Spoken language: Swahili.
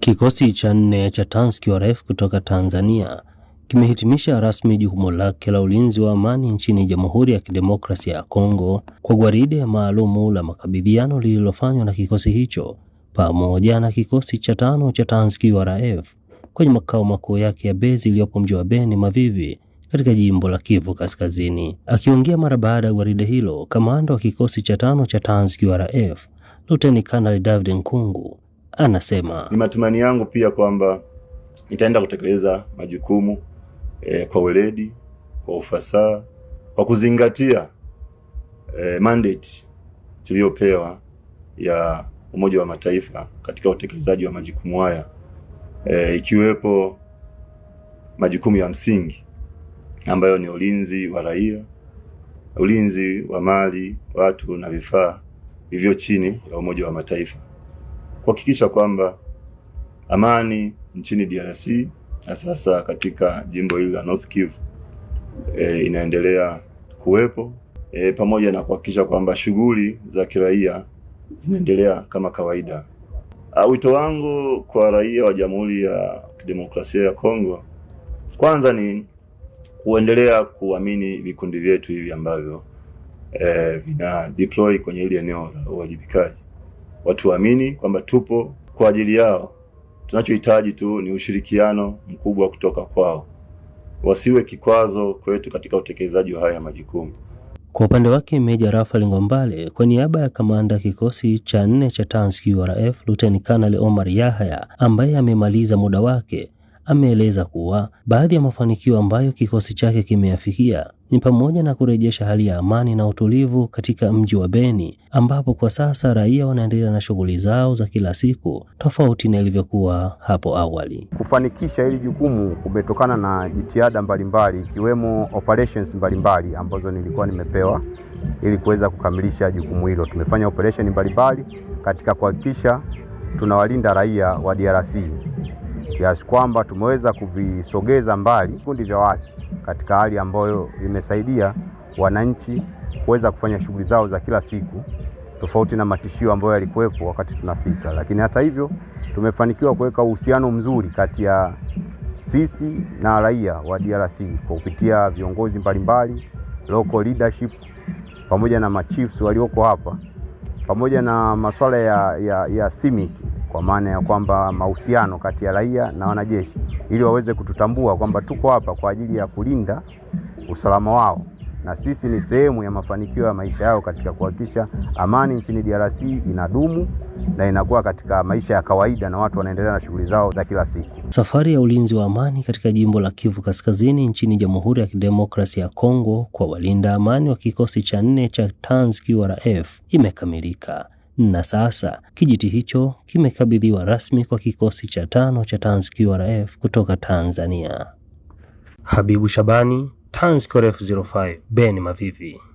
Kikosi cha nne cha qrf kutoka Tanzania kimehitimisha rasmi jukumu lake la ulinzi wa amani nchini Jamhuri ya Kidemokrasia ya Kongo kwa gwaride maalumu la makabidhiano lililofanywa na kikosi hicho pamoja na kikosi cha tano cha qrf kwenye makao makuu yake ya Bezi iliyopo mji wa Beni Mavivi katika jimbo la Kivu Kaskazini. Akiongea mara baada ya gwaride hilo, kamanda wa kikosi cha tano cha qrf Luteni Kanali David Nkungu anasema ni matumaini yangu pia kwamba nitaenda kutekeleza majukumu e, kwa weledi, kwa ufasaha, kwa kuzingatia e, mandate tuliyopewa ya Umoja wa Mataifa katika utekelezaji wa majukumu haya e, ikiwepo majukumu ya msingi ambayo ni ulinzi wa raia, ulinzi wa mali, watu na vifaa vivyo chini ya Umoja wa Mataifa kuhakikisha kwamba amani nchini DRC na sasa katika jimbo hili la North Kivu e, inaendelea kuwepo e, pamoja na kuhakikisha kwamba shughuli za kiraia zinaendelea kama kawaida. Wito wangu kwa raia wa Jamhuri ya Kidemokrasia ya Kongo kwanza ni kuendelea kuamini vikundi vyetu hivi ambavyo e, vina deploy kwenye ile eneo la uwajibikaji watuamini kwamba tupo kwa ajili yao. Tunachohitaji tu ni ushirikiano mkubwa kutoka kwao, wasiwe kikwazo kwetu katika utekelezaji wa haya majukumu. Kwa upande wake Meja Rafael Ngombale kwa niaba ya kamanda kikosi cha nne cha Tanzki qrf Luteni Kanali Omar Yahaya ambaye amemaliza muda wake ameeleza kuwa baadhi ya mafanikio ambayo kikosi chake kimeyafikia ni pamoja na kurejesha hali ya amani na utulivu katika mji wa Beni ambapo kwa sasa raia wanaendelea na shughuli zao za kila siku tofauti na ilivyokuwa hapo awali. Kufanikisha hili jukumu kumetokana na jitihada mbalimbali ikiwemo operations mbalimbali ambazo nilikuwa nimepewa ili kuweza kukamilisha jukumu hilo. Tumefanya operation mbalimbali katika kuhakikisha tunawalinda raia wa DRC kiasi kwamba tumeweza kuvisogeza mbali vikundi vya waasi katika hali ambayo imesaidia wananchi kuweza kufanya shughuli zao za kila siku tofauti na matishio ambayo yalikuwepo wakati tunafika. Lakini hata hivyo, tumefanikiwa kuweka uhusiano mzuri kati ya sisi na raia wa DRC kwa kupitia viongozi mbalimbali, local leadership pamoja na machiefs walioko hapa pamoja na masuala ya, ya, ya simiki kwa maana ya kwamba mahusiano kati ya raia na wanajeshi, ili waweze kututambua kwamba tuko hapa kwa ajili ya kulinda usalama wao na sisi ni sehemu ya mafanikio ya maisha yao katika kuhakikisha amani nchini DRC inadumu na inakuwa katika maisha ya kawaida na watu wanaendelea na shughuli zao za kila siku. Safari ya ulinzi wa amani katika jimbo la Kivu Kaskazini nchini Jamhuri ya Kidemokrasia ya Kongo kwa walinda amani wa kikosi cha nne cha TANZ QRF imekamilika na sasa kijiti hicho kimekabidhiwa rasmi kwa kikosi cha tano cha qrf kutoka Tanzania. Habibu Shabani, qrf 05, ben Mavivi.